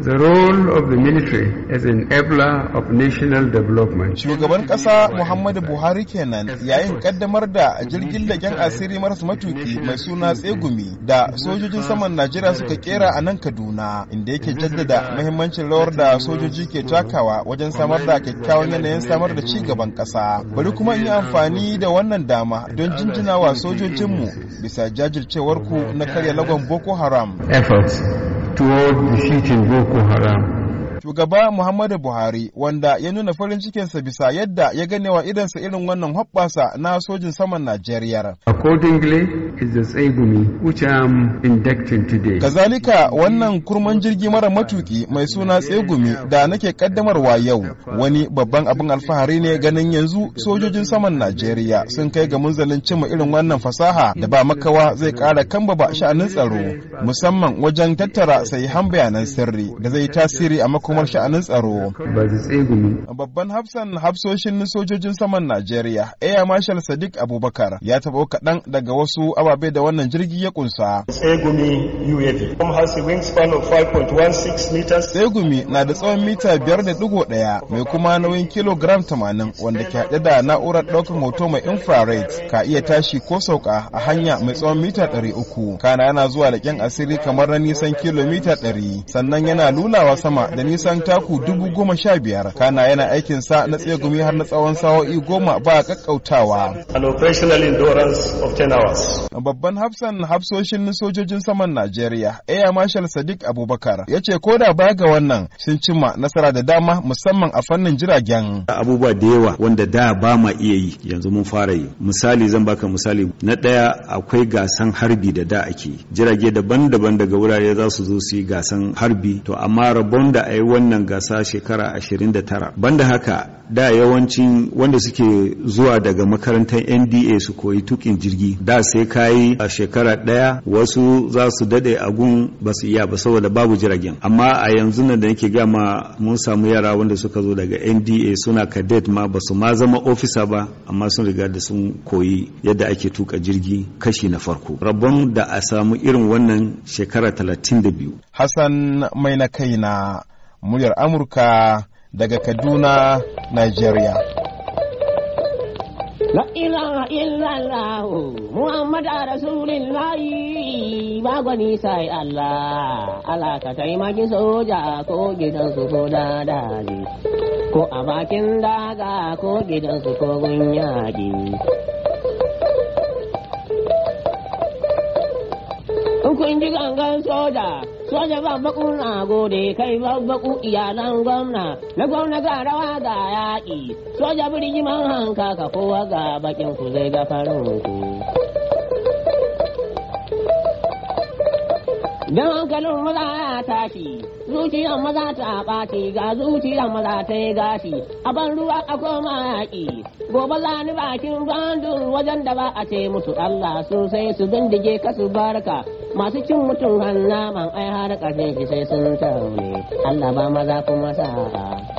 The role of the military as an enabler of national development. Shugaban ƙasa Muhammadu Buhari kenan yayin kaddamar da jirgin leƙen asiri marasa matuki mai suna tsegumi da sojojin saman Najeriya suka kera a nan Kaduna inda yake jaddada muhimmancin rawar da sojoji ke takawa wajen samar da kyakkyawan yanayin samar da ci gaban ƙasa. Bari kuma in yi amfani da wannan dama don jinjinawa sojojinmu bisa jajircewar ku na karya lagon Boko Haram. Efforts toward in Boko Haram. shugaba Muhammadu Buhari wanda ya nuna farin cikinsa bisa yadda ya ganewa idansa irin wannan hoɓɓasa na sojin saman Najeriya. Accordingly is the tsegumi which I am inducting today. Kazalika wannan kurman jirgi mara matuki mai suna tsegumi da nake kaddamarwa yau wani babban abin alfahari ne ganin yanzu sojojin saman Najeriya sun kai ga munzalin cimma irin wannan fasaha da ba makawa zai kara kambaba sha'anin tsaro musamman wajen tattara sahihan bayanan sirri da zai tasiri a makon hukumar sha'anin tsaro. Babban hafsan hafsoshin sojojin saman Najeriya, Air Marshal Sadiq Abubakar ya taɓo kaɗan daga wasu ababe da wannan jirgi ya kunsa. Tsegumi UAV. Tsegumi na da tsawon mita biyar da ɗigo ɗaya mai kuma nauyin kilogram tamanin wanda ke haɗe da na'urar ɗaukar hoto mai infrared ka iya tashi ko sauka a hanya mai tsawon mita ɗari uku. Kana yana zuwa da asiri kamar na nisan kilomita ɗari sannan yana lulawa sama da nisan nisan taku dubu goma sha biyar kana yana aikin sa na tsegumi har na tsawon sa'o'i goma ba kakkautawa babban hafsan hafsoshin sojojin saman najeriya air marshal sadiq abubakar ya ce ko da baya ga wannan sun cimma nasara da dama musamman a fannin jiragen abubuwa da yawa wanda da ba ma iya yi yanzu mun fara yi misali zan baka misali na ɗaya akwai gasan harbi da da ake jirage daban-daban daga wurare za su zo su yi gasan harbi to amma rabon da a wannan gasa shekara 29 banda haka da yawancin wanda suke zuwa daga makarantar nda su koyi tukin jirgi da sai kayi a shekara daya wasu za su dade agun ba su iya ba saboda babu jiragen amma a yanzu nan da nake gama mun samu yara wanda suka zo daga nda suna kadet ma ba su ma zama ofisa ba amma sun riga da sun koyi yadda ake tuka jirgi kashi na farko rabon da a samu irin wannan shekara 32 hassan mai na kaina muryar Amurka daga Kaduna, Nigeria. La ilaha illallah Muhammad Rasulullah ba gwani sai Allah Allah ka taimaki soja ko gidan su ko dadali ko a bakin daga ko gidan su ko gunyaji kun ji gangan soja soja baku na gode kai baku iyalan gwamna na gwamna ga rawa ga yaƙi soja birgiman hanka ka kowa ga bakin ku zai ga farin ku Idan hankalin maza ya tashi, zuciyar maza ta ɓaci ga zuciyar maza ta yi gashi, a ban ruwa a koma yaƙi, gobe za ni bakin bandun wajen da ba a ce musu Allah sosai su bindige ka su barka. Masu cin mutum hannaman ai har ƙarfe shi sai sun taune, Allah ba maza kuma sa'a.